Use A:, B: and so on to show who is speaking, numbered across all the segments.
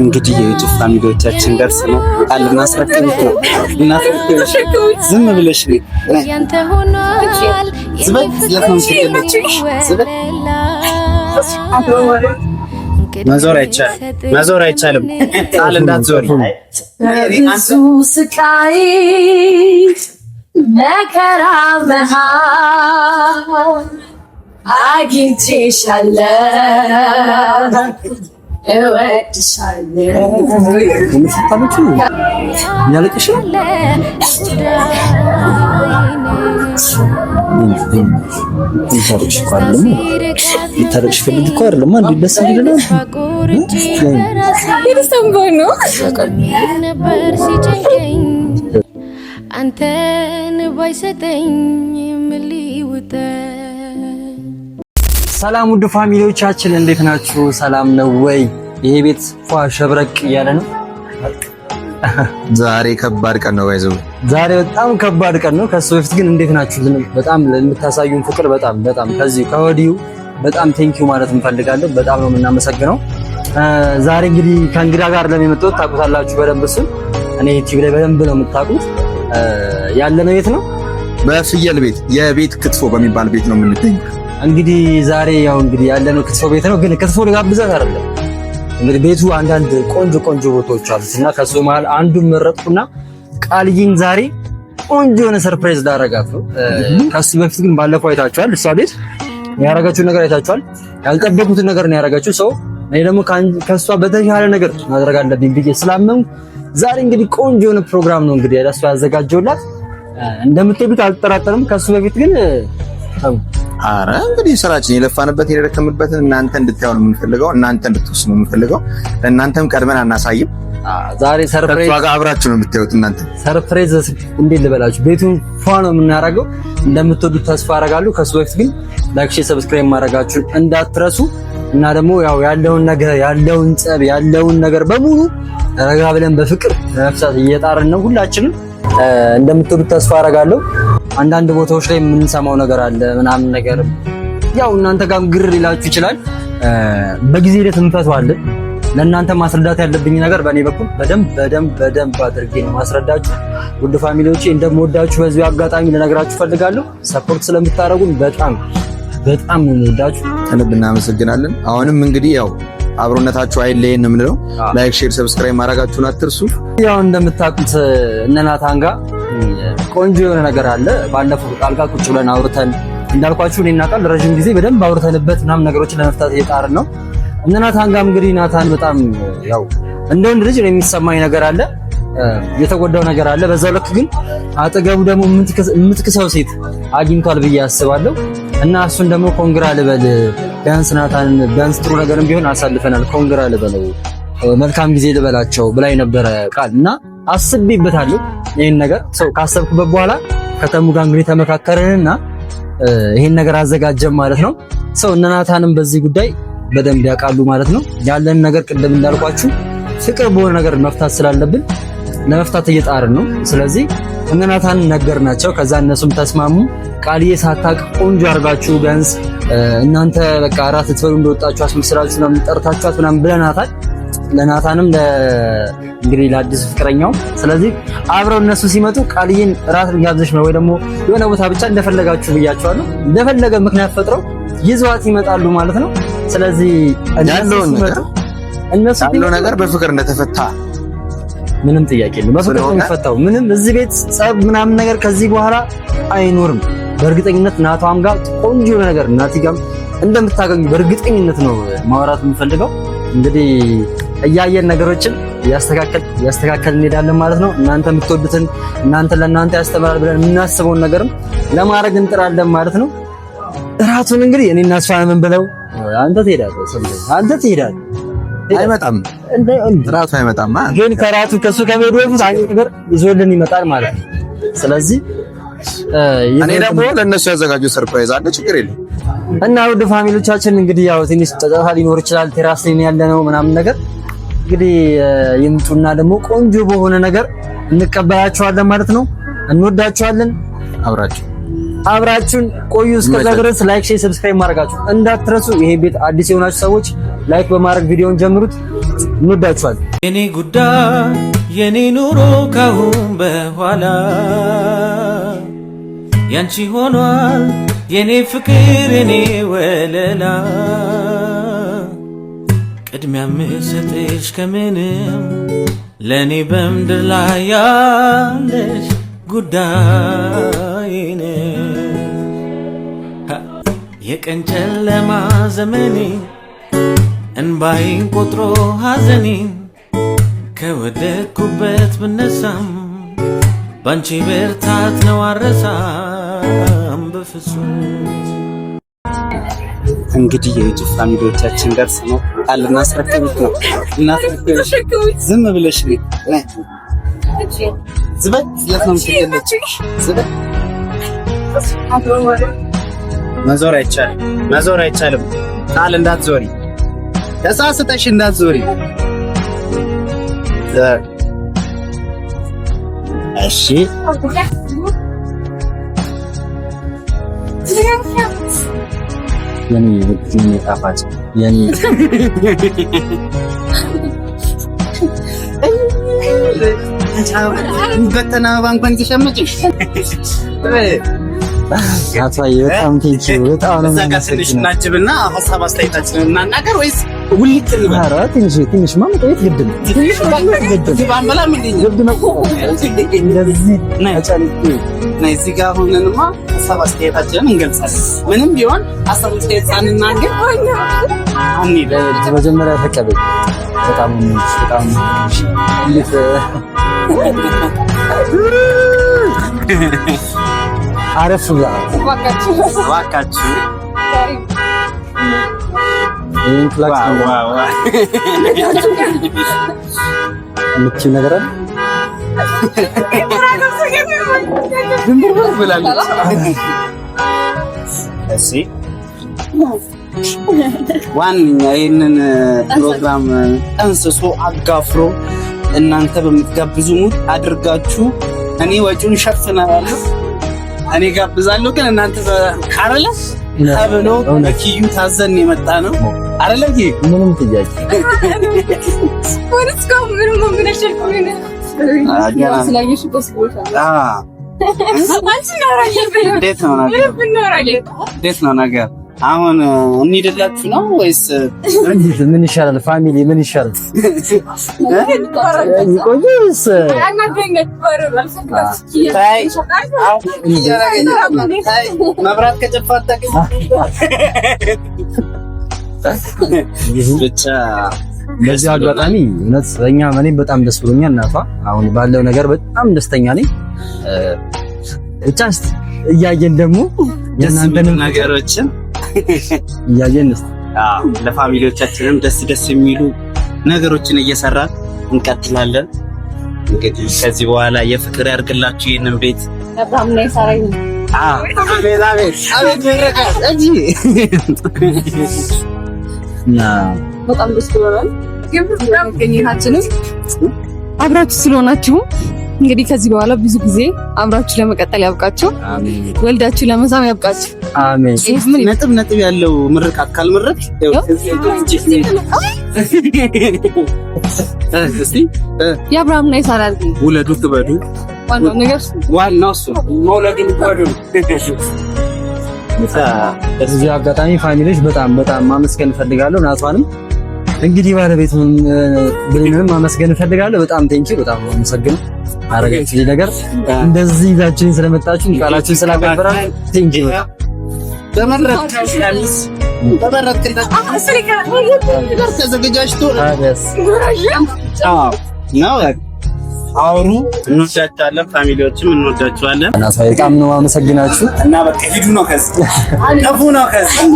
A: እንግዲህ የዩቱብ ፋሚሊዎቻችን ደርስ ነው ቃል እናስረክብት ነው ዝም ብለሽ መዞር አይቻልም፣ መዞር አይቻልም። ቃል እንዳትዞሪ ብዙ ስቃይ መከራ መሃል አግኝቼሻለሁ ታረቅሽ ፈልግ እኮ አይደለም። አንተን ባይሰጠኝ የምልውጠ ሰላም ውድ ፋሚሊዎቻችን እንዴት ናችሁ? ሰላም ነው ወይ? ይሄ ቤት ፏ ሸብረቅ እያለ ነው።
B: ዛሬ ከባድ ቀን ነው ያዘው።
A: ዛሬ በጣም ከባድ ቀን ነው። ከሱ በፊት ግን እንዴት ናችሁ? በጣም ለምታሳዩን ፍቅር በጣም በጣም ከዚህ ከወዲሁ በጣም ቴንኪው ማለት እንፈልጋለን። በጣም ነው የምናመሰግነው። ዛሬ እንግዲህ ከእንግዳ ጋር ለሚመጡት ታውቁታላችሁ በደንብ እሱን እኔ ዩቲዩብ ላይ በደንብ ነው የምታውቁት። ያለነው ቤት ነው
B: በፍየል ቤት የቤት ክትፎ በሚባል ቤት ነው የምንገኘው።
A: እንግዲህ ዛሬ ያው እንግዲህ ያለነው ክትፎ ቤት ነው። ግን ክትፎ ልጋብዛት አይደለም እንግዲህ ቤቱ አንዳንድ ቆንጆ ቆንጆ ቦታዎች አሉት እና ከሱ መሀል አንዱ መረጥኩና ቃልዬን ዛሬ ቆንጆ የሆነ ሰርፕራይዝ ላረጋት ነው። ከሱ በፊት ግን ባለፈው አይታችኋል፣ እሷ ቤት ያረጋችሁት ነገር አይታችኋል። ያልጠበቁትን ነገር ነው ያረጋችሁ ሰው። እኔ ደግሞ ከእሷ በተሻለ ነገር ማድረግ አለብኝ ብዬ ስላመንኩ ዛሬ እንግዲህ ቆንጆ የሆነ ፕሮግራም ነው እንግዲህ ለእሷ ያዘጋጀውላት። እንደምትወዱት አልጠራጠርም። ከሱ በፊት ግን
B: አረ እንግዲህ ስራችን የለፋንበት የደከምንበትን እናንተ እንድታዩን የምንፈልገው እናንተ እንድትወስኑ የምንፈልገው ለእናንተም ቀድመን አናሳይም።
A: ዛሬ ሰርፕራይዝ
B: ዋጋ አብራችሁ ነው የምታዩት። እናንተ
A: ሰርፕራይዝ እንዴት ልበላችሁ፣ ቤቱን ፏ ነው የምናደርገው። እንደምትወዱት ተስፋ አደርጋለሁ። ከሱ በፊት ግን ላይክ፣ ሼር፣ ሰብስክራይብ ማድረጋችሁ እንዳትረሱ እና ደግሞ ያው ያለውን ነገር ያለውን ጸብ ያለውን ነገር በሙሉ ረጋ ብለን በፍቅር ለመፍታት እየጣርን ነው ሁላችንም። እንደምትወዱት ተስፋ አደርጋለሁ። አንዳንድ ቦታዎች ላይ የምንሰማው ነገር አለ ምናምን ነገር ያው እናንተ ጋር ግር ሊላችሁ ይችላል። በጊዜ ሂደት እንፈተዋለን። ለእናንተ ማስረዳት ያለብኝ ነገር በእኔ በኩል በደንብ በደንብ በደንብ አድርጌ ነው ማስረዳችሁ። ውድ ፋሚሊዎቼ እንደምወዳችሁ በዚሁ አጋጣሚ ልነግራችሁ ፈልጋለሁ። ሰፖርት ስለምታደርጉን በጣም በጣም ነው የምወዳችሁ።
B: ከልብ እናመሰግናለን። አሁንም እንግዲህ ያው አብሮነታችሁ አይለየን የምንለው ላይክ፣ ሼር፣ ሰብስክራይብ ማድረጋችሁን አትርሱ።
A: ያው እንደምታውቁት እነ ናታን ጋር ቆንጆ የሆነ ነገር አለ። ባለፈው ቃል ቁጭ ብለን አውርተን እንዳልኳችሁ እኔ እናቃል ረዥም ጊዜ በደንብ አውርተንበት ምናምን ነገሮችን ለመፍታት እየጣርን ነው። እነ ናታን እንግዲህ ናታን በጣም ያው እንደ ወንድ ልጅ የሚሰማኝ ነገር አለ፣ የተጎዳው ነገር አለ። በዛው ልክ ግን አጠገቡ ደግሞ የምትክሰው ሴት አግኝቷል ብዬ አስባለሁ እና እሱን ደግሞ ኮንግራ ልበል። ቢያንስ ናታን ቢያንስ ጥሩ ነገርም ቢሆን አሳልፈናል፣ ኮንግራ ልበለው፣ መልካም ጊዜ ልበላቸው ብላኝ ነበረ ቃል እና አስቤበታለሁ። ይህን ነገር ሰው ካሰብኩበት በኋላ ከተሙ ጋር እንግዲህ ተመካከርንና ይህን ነገር አዘጋጀም ማለት ነው። ሰው እነ ናታንም በዚህ ጉዳይ በደንብ ያውቃሉ ማለት ነው። ያለን ነገር ቅድም እንዳልኳችሁ ፍቅር በሆነ ነገር መፍታት ስላለብን ለመፍታት እየጣርን ነው። ስለዚህ እነ ናታንን ነገር ናቸው። ከዛ እነሱም ተስማሙ። ቃልዬ ሳታቅ ቆንጆ አድርጋችሁ ቢያንስ እናንተ በቃ እራት ልትበሉ እንደወጣችሁ አስመስላችሁ ምናምን ጠርታችኋት ምናምን ብለናታል። ለናታንም እንግዲህ ለአዲሱ ፍቅረኛው። ስለዚህ አብረው እነሱ ሲመጡ ቃልዬን ራት ልጋብዝሽ ነው ወይ ደግሞ የሆነ ቦታ ብቻ እንደፈለጋችሁ ብያቸዋለሁ። እንደፈለገ ምክንያት ፈጥረው ይዘዋት ይመጣሉ ማለት ነው። ስለዚህ
B: እነሱ ያለው ነገር በፍቅር እንደተፈታ
A: ምንም ጥያቄ የለም። በፍቅር የሚፈታው ምንም እዚህ ቤት ጸብ ምናምን ነገር ከዚህ በኋላ አይኖርም። በእርግጠኝነት ናቷም ጋር ቆንጆ የሆነ ነገር እናቲ ጋር እንደምታገኙ በእርግጠኝነት ነው ማውራት የምፈልገው እንግዲህ እያየን ነገሮችን እያስተካከል እያስተካከል እንሄዳለን ማለት ነው። እናንተ የምትወዱትን እናንተ ለእናንተ ያስተምራል ብለን የምናስበውን ነገርም ለማድረግ እንጥራለን ማለት ነው። እራቱን እንግዲህ እኔ እና እሷ ምን ብለው
B: አንተ ትሄዳለህ፣ አንተ ትሄዳለህ። አይመጣም እራቱ አይመጣም፣
A: ግን ከራቱ ከሱ ከመሄዱ በፊት አንድ ነገር ይዞልን ይመጣል ማለት ነው። ስለዚህ
B: እኔ ደግሞ ለእነሱ ያዘጋጁ ሰርፕራይዝ አለ፣ ችግር የለም።
A: እና ውድ ፋሚሊዎቻችን እንግዲህ ያው ትንሽ ጫጫታ ሊኖር ይችላል። ቴራስ ላይ ያለ ነው ምናምን ነገር እንግዲህ ይምጡና ደግሞ ቆንጆ በሆነ ነገር እንቀበላቸዋለን ማለት ነው። እንወዳቸዋለን አብራችሁ አብራችሁን ቆዩ። እስከዛ ድረስ ላይክ፣ ሼር፣ ሰብስክራይብ ማድረጋችሁ እንዳትረሱ። ይሄ ቤት አዲስ የሆናችሁ ሰዎች ላይክ በማድረግ ቪዲዮውን ጀምሩት። እንወዳቸዋለን። የኔ ጉዳይ የኔ ኑሮ ካሁን በኋላ ያንቺ ሆኗል የኔ ፍቅር የኔ ወለላ ቅድሚያ ምስጥሽ ከምንም ለእኔ በምድር ላይ ያለሽ ጉዳይ የቀን ጨለማ ዘመኔ እንባይን ቆጥሮ ሐዘኔን ከወደኩበት ብነሳም ባንቺ ብርታት ነው አረሳም በፍጹም እንግዲህ የዩቱብ ፋሚሊዎቻችን ደርስ ነው አል እናስረክብት ነው እናስረክብት ዝም ብለሽ ዝበል የት ነው የምትገለች ዝበል መዞር አይቻልም መዞር አይቻልም ቃል እንዳትዞሪ ተሳስተሽ እንዳትዞሪ እሺ የኔ ውድ የኔ ጣፋጭ የኔ በጠና ባንኳን ተሸምጭ አቶ በጣም ቴንኪው በጣም ነው።
B: እዛ እናችብና ሀሳብ አስተያየታችንን እናናገር ወይስ ውልቅ
A: ኧረ ትንሽ ትንሽማ መቆየት ግድ ነው።
B: እዚህ ጋር ሆነንማ ምንም ቢሆን
A: አረፍ ብላ እባካችሁ ይህን ፍላክስ ምቺ ነገር ድንብርብር ብላለች። እሺ ዋንኛ ይህንን ፕሮግራም ጠንስሶ አጋፍሮ እናንተ በምትጋብዙ ሙድ አድርጋችሁ እኔ ወጪውን ሸፍናለሁ፣ እኔ ጋብዛለሁ፣ ግን እናንተ ካረለ ተብሎ ኪዩ ታዘን የመጣ ነው። አይደለ? ምንም ጥያቄ እንዴት ነው ነገር? አሁን እንሂድላችሁ ነው ወይስ እንዴት? ምን ይሻላል? ፋሚሊ ምን ይሻላል? መብራት ከጨፋ ብቻ በዚህ አጋጣሚ እውነት እኛ እኔም በጣም ደስ ብሎኛል። እናቷ አሁን ባለው ነገር በጣም ደስተኛ ነኝ። ብቻ እስኪ እያየን ደግሞ ደስ ነገሮችን እያየን እስኪ ለፋሚሊዎቻችንም ደስ ደስ የሚሉ ነገሮችን እየሰራን እንቀጥላለን። እንግዲህ ከዚህ በኋላ የፍቅር ያድርግላችሁ ይህንን ቤት
B: አቤት
A: አቤት አቤት
B: በጣም ደስ ብሎናል። አብራችሁ ስለሆናችሁ እንግዲህ ከዚህ በኋላ ብዙ ጊዜ አብራችሁ ለመቀጠል ያብቃችሁ፣ ወልዳችሁ ለመሳም ያብቃችሁ።
A: አሜን። ነጥብ ነጥብ ያለው ምርቃት ካልመረቅ እስቲ
B: የአብርሃምና የሳራ
A: ውለዱ፣ ትበዱ። ዋናው ነገር ዋናው እሱ መውለዱ እዚህ አጋጣሚ ፋሚሊዎች በጣም በጣም ማመስገን እፈልጋለሁ። ናቷንም እንግዲህ ባለቤቱን ብሌንም ማመስገን እፈልጋለሁ። በጣም ቴንኪ በጣም አመሰግን አረጋችሁ ይህ ነገር እንደዚህ ይዛችሁን ስለመጣችሁ ቃላችሁን ስላከበራችሁ ቴንኪው። ተመረጥክለት ተዘጋጅቶ ነው አውሩ። እንወዳቸዋለን፣ ፋሚሊዎችም እንወዳቸዋለን። እና ሰው በጣም ነው አመሰግናችሁ። እና በቃ ሂዱ ነው ከዚህ ጠፉ ነው ከዚህ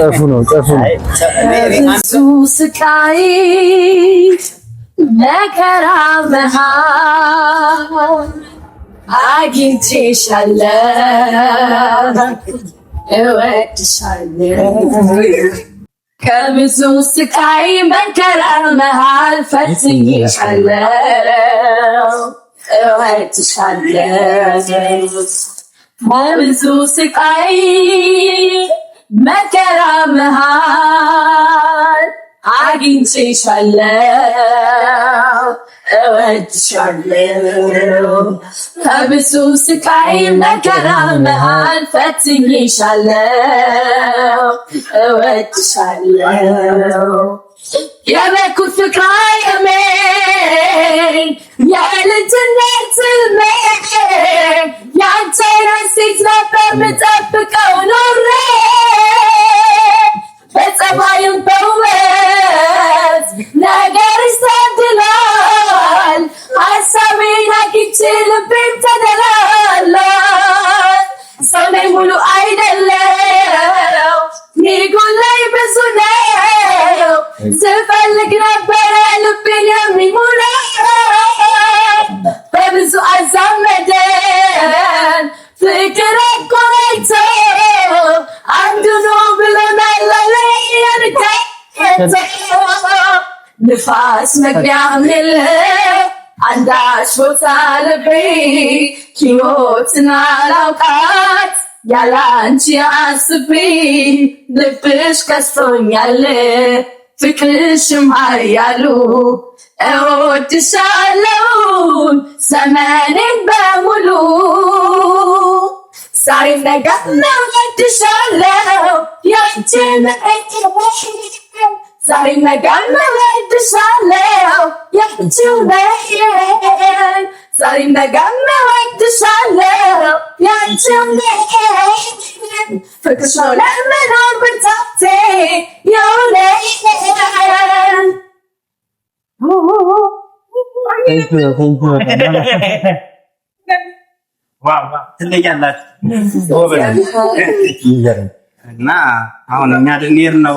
A: ጠፉ ነው ጠፉ ነው ብዙ ስቃይ መከራ መሃል አግኝቼሻለሁ፣ እወድሻለሁ كابس وسك عين بنكر أرمها الفتي يشعلها اوعي تشعلها كابس وسك عين بنكر أرمها عاقين تشعلها እወድሻለሁ ከብዙ ስቃይ መከራ መሃል ፈትኜሻለሁ። እወድሻለሁ የበኩር ፍቅር አይሜ የልጅነት ሜ ያንተን ሴት ነበር የምጠብቀው ኖሬ በጸባይም በውበት ነገርሽ ታድላ ሀሳቤን አግኝቼ ልቤን ተደላላ ሰው ነኝ ሙሉ አይደለው ሚጎን ላይ ብዙ ነው ስፈልግ ነበረ ልቤን የሚሞላ በብዙ አዛመደን ፍቅር አቆራይቶ አንዱ ነው ብሎናል ንፋስ መግቢያ ምንለ አሽቦታልቤ ሕይወትን አላውቃት ያላንቺ አስቤ ልብሽ ከስቶኛል ፍቅርሽም ኃያሉ እወድሻለሁ ዘመኔን በሙሉ ዛሬ ነገ እወድሻለሁ ያንቺ ዛሬ ነጋል መወድሻለው ያንቺው ነይ ዛሬ ነጋል መወድሻለው ያንቺው ነይ ፍቅርሽ ነው ለመኖር ብርታቴ የውለይ ትለያላችሁ እና አሁን እኛ ነው።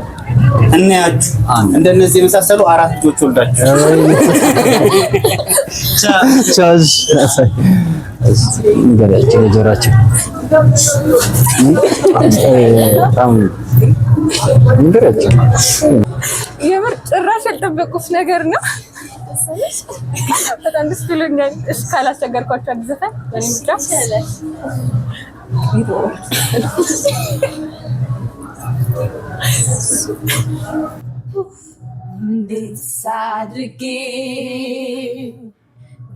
A: እናያችሁ። እንደነዚህ የመሳሰሉ አራት ልጆች ወልዳችሁ ጆራቸው
B: የምር ጭራሽ ያልጠበቁት ነገር ነው። በጣም ደስ ብሎኛል። እሺ ካላስቸገርኳቸው አግዘፈን እንዴት ሳድጌ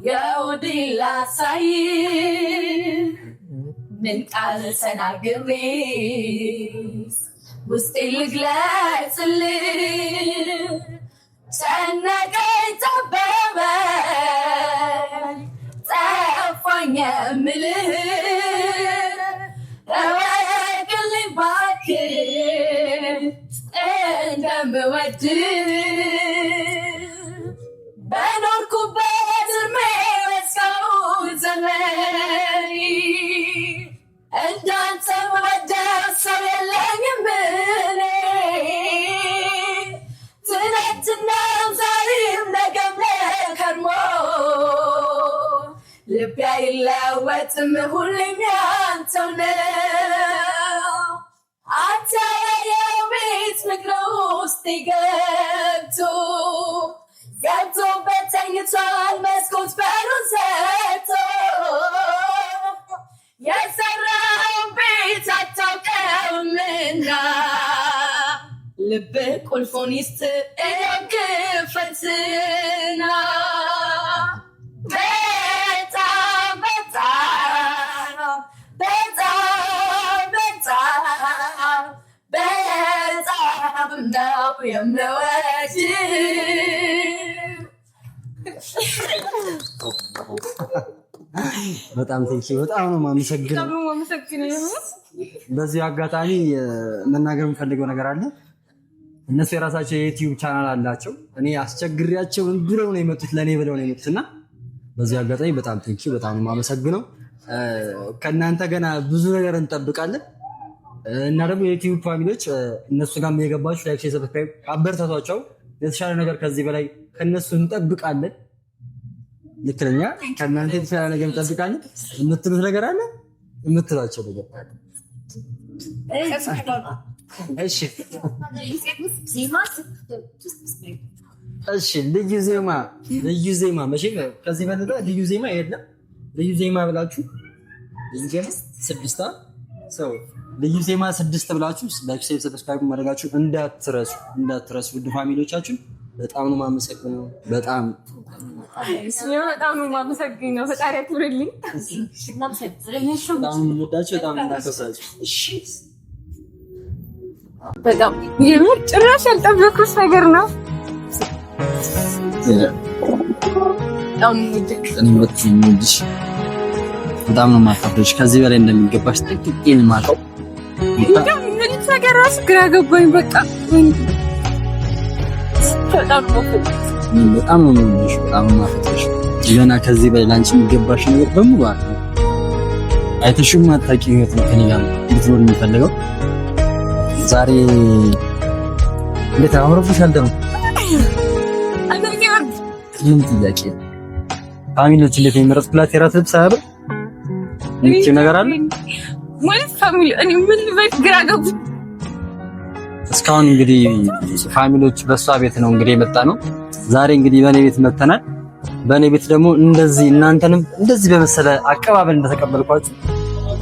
B: የውዴ ላሳይ ምን ቃል ሰናግሬ ውስጤ ልግለጽልህ ጨነቀኝ ጠበበኝ ጠፋኝ የምልህ ብወድ በኖርኩበት እድሜ እስካሁን ዘመን እንዳንተ መወደው ሰው የለኝም ትናንትናም ዛሬም ነገም ለከርሞ ልቤ አይለወጥም ሁሌም ያንተው ነው። ገብቶ ገብቶበት ተኝቷል መስኮት በሩን ዘግቶ የሰራው ቤት አታውቀውምና ልብ ቁልፉን ይስጥ
A: በጣም በጣም ነው
B: የማመሰግነው።
A: በዚህ አጋጣሚ መናገር የምፈልገው ነገር አለ። እነሱ የራሳቸው የዩቲዩብ ቻናል አላቸው። እኔ አስቸግሪያቸው ብለው ነው የመጡት ለእኔ ብለው ነው የመጡት እና በዚህ አጋጣሚ በጣም ቴንኪ በጣም ነው የማመሰግነው። ከእናንተ ገና ብዙ ነገር እንጠብቃለን እና ደግሞ የዩቲዩብ ፋሚሊዎች እነሱ ጋር የገባችሁ ላይክ፣ ሰብስክራይብ አበረታቷቸው። የተሻለ ነገር ከዚህ በላይ ከእነሱ እንጠብቃለን። ልክለኛ ከእናንተ የተሻለ ነገር ጠብቃለ የምትሉት ነገር አለ የምትሏቸው ነገር እሺ ልዩ ዜማ ልዩ ዜማ መቼም ከዚህ በተጠ ልዩ ዜማ የለም ልዩ ዜማ ብላችሁ ስድስታ ሰው ልዩ ዜማ ስድስት ብላችሁ ላይክ ሰብስክራይብ ማድረጋችሁ እንዳትረሱ እንዳትረሱ ውድ ፋሚሊዎቻችን በጣም ነው የማመሰግነው በጣም
B: በጣም ነው የማመሰግኝ ነው። ፈጣሪ አክብርልኝ። ጭራሽ ያልጠበኩት ነገር ነው።
A: በጣም ነው የማከብርሽ። ከዚህ በላይ እንደሚገባሽ ጥቂት ይልማለው
B: ነገር ራሱ ግራ ገባኝ። በቃ
A: በጣም ነው በጣም ነው የምወድሽ፣ በጣም ማፈጥሽ። ገና ከዚህ በላይ ላንቺ የሚገባሽ ነገር በሙሉ አለ። አይተሽም ማታቂ ህይወት ነው ከኔ ጋር ልትኖር የሚፈልገው። ዛሬ እንዴት አሁረፍሻል ደግሞ ምን ጥያቄ ፋሚሊዎች እንዴት የሚመረጥኩላት የራት ልብስ አያብር እንቺ ነገር አለ
B: ወይ ፋሚሊ እኔ ምን ልበት? ግራ ገቡ።
A: እስካሁን እንግዲህ ፋሚሊዎች በእሷ ቤት ነው እንግዲህ የመጣ ነው ዛሬ እንግዲህ በእኔ ቤት መጥተናል። በእኔ ቤት ደግሞ እንደዚህ እናንተንም እንደዚህ በመሰለ አቀባበል እንደተቀበልኳችሁ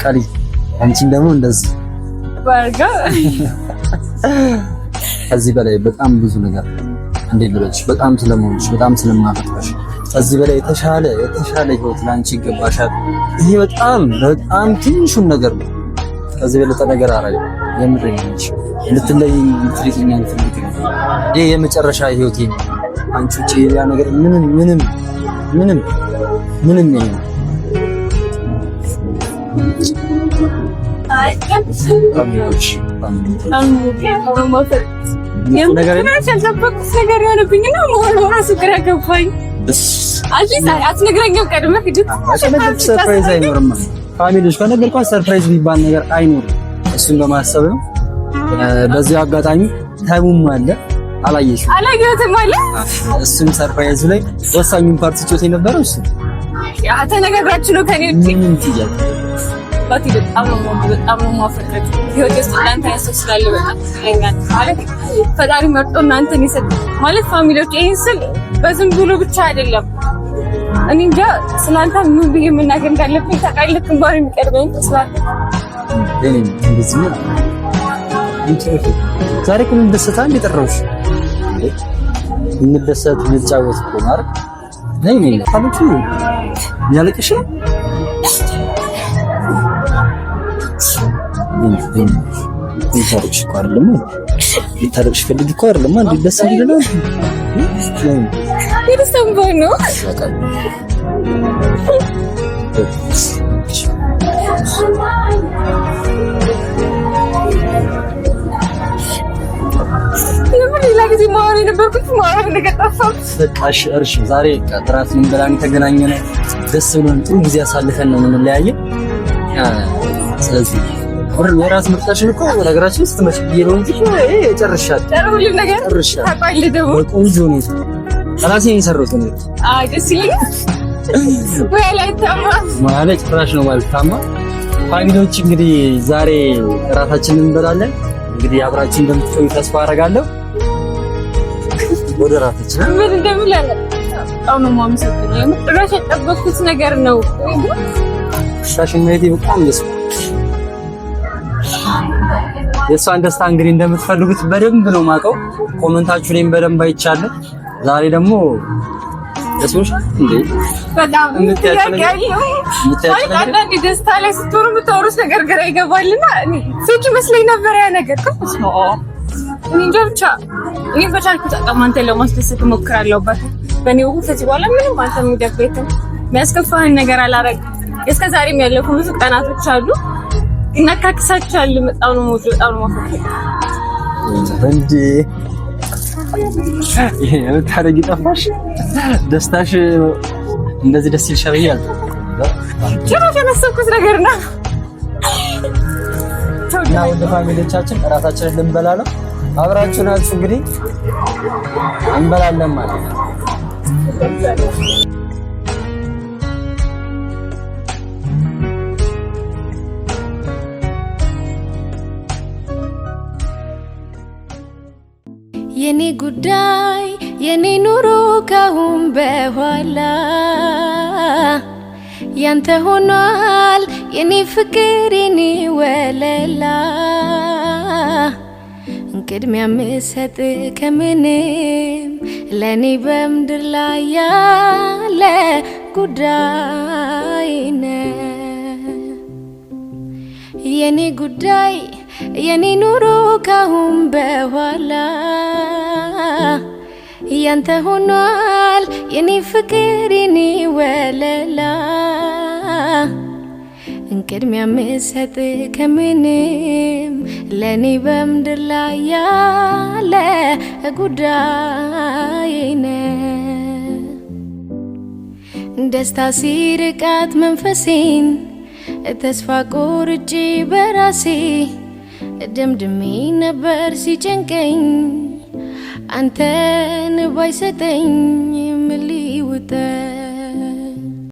A: ቀሪ አንቺን ደግሞ እንደዚህ ባርጋ ከዚህ በላይ በጣም ብዙ ነገር እንዴት ልበልሽ፣ በጣም ስለመሆንሽ፣ በጣም ስለማፈቅርሽ ከዚህ በላይ የተሻለ የተሻለ ህይወት ላንቺ ይገባሻል። ይሄ በጣም በጣም ትንሹን ነገር ነው። ከዚህ በለጠ ነገር አራይ የምር ልትለይኝ ልትሪትኛ ልትልቅ ይሄ የመጨረሻ ህይወቴ ነው። አንቺ ውጪ ሌላ ነገር ምንም ምንም ምንም ምንም የለም። ነው ሰርፕራይዝ አይኖርም። ፋሚሊዎች ከነገርኳት ሰርፕራይዝ ቢባል ነገር አይኖርም። እሱን በማሰብ ነው። በዚህ አጋጣሚ ተሙም አለ አላየሽ
B: አላየሁት ማለት
A: እሱም ሰርፕራይዙ ላይ ወሳኙን ፓርቲ ጮት የነበረው እሱ
B: ተነጋግራችሁ ነው ከኔ
A: ምን ትያለሽ?
B: ባቲ ነው ነው ፈጣሪ መርጦ እናንተን ይሰጥ ማለት ፋሚሊዎች ይህን ስል በዝም ብሎ ብቻ አይደለም። እኔ እንጃ ስላንተ ምን ብዬ መናገር እንዳለብኝ ታውቃለህ። ግንባር የሚቀርበኝ ስላንተ
A: እኔ እንደዚህ ነው ዛሬ ምን ደስታ እንደጠራሁሽ ማለት እንደሰት እንጫወት ቆማር ነኝ ነኝ ታምቱ ያለቅሽ ይታረቅሽ እኮ አይደለም ይታረቅሽ ፈልግ እኮ አይደለም አንዴ ደስ እንዲል ነው
B: ይደሰም ነው የነበርኩት ማለት ነገር
A: በቃሽ እርሺ፣ ዛሬ ጥራት ምን ብላን የተገናኘ ነው። ደስ ብሎን ጥሩ ጊዜ አሳልፈን ነው የምንለያየው። ስለዚህ ወር ወራስ ምርጫሽን እኮ ነገራችን ስትመጪ ብዬ ነው እንጂ ጨርሻለሁ። ሁሉም ነገር ጨርሻለሁ። በቆንጆ ሁኔታ ራሴን የሰራሁት ነው።
B: አይ ደስ ይለኛል። ወይ አላይታማ
A: ማለት ጭራሽ ነው ማለት ታማ ፋሚሊዎች እንግዲህ ዛሬ እራታችንን እንበላለን። እንግዲህ አብራችን እንደምትቆዩ ተስፋ አደርጋለሁ። ወደ ራሳችን
B: ምን እንደምላለ አሁን ማምሰክኝ ጭራሽ የጠበኩት ነገር ነው።
A: ሻሽን ደስ የእሷን ደስታ እንግዲህ እንደምትፈልጉት በደንብ ነው ማውቀው። ኮመንታችሁ ላይም በደንብ አይቻለሁ። ዛሬ ደግሞ
B: ደስታ ላይ ስትሆኑ የምታወሩት ነገር ግራ ይገባልና ይመስለኝ ነበር ያ ነገር እንጃ ብቻ እኔ በቻልኩት አቅም አንተን ለማስደሰት እሞክራለሁ። በእኔ ውቡ ከዚህ በኋላ ምንም አንተ የሚደብረኝ የሚያስከፋህን ነገር አላረግም። እስከ ዛሬም ያለፉ ብዙ ቀናቶች አሉ እና ካክሳችኋል። በጣም ነው ሞት በጣም ነው ሞት
A: እንዴ! የምታደርጊ ጠፋሽ። ደስታሽ እንደዚህ ደስ ይልሻል ብዬሽ
B: ጭራሽ ያላሰብኩት ነገር ነው።
A: ፋሚሊዎቻችን እራሳችንን ልንበላ ነው አብራችሁ ናችሁ እንግዲህ እንበላለን ማለት ነው። የኔ ጉዳይ የኔ ኑሮ ካሁን በኋላ ያንተ ሆኗል የኔ ፍቅር የኔ ወለላ ቅድሚያ ምሰጥ ከምንም ለእኔ በምድር ላይ ያለ ጉዳይ ነ የኔ ጉዳይ የኔ ኑሮ ካሁን በኋላ ያንተ ሆኗል የኔ ፍቅር የኔ ወለላ ቅድሚያ ምሰጥ ከምንም ለኔ በምድር ላይ ያለ ጉዳይ ነ ደስታ ሲርቃት መንፈሴን ተስፋ ቆርጬ በራሴ ደምድሜ ነበር ሲጨንቀኝ አንተን ባይሰጠኝ ምን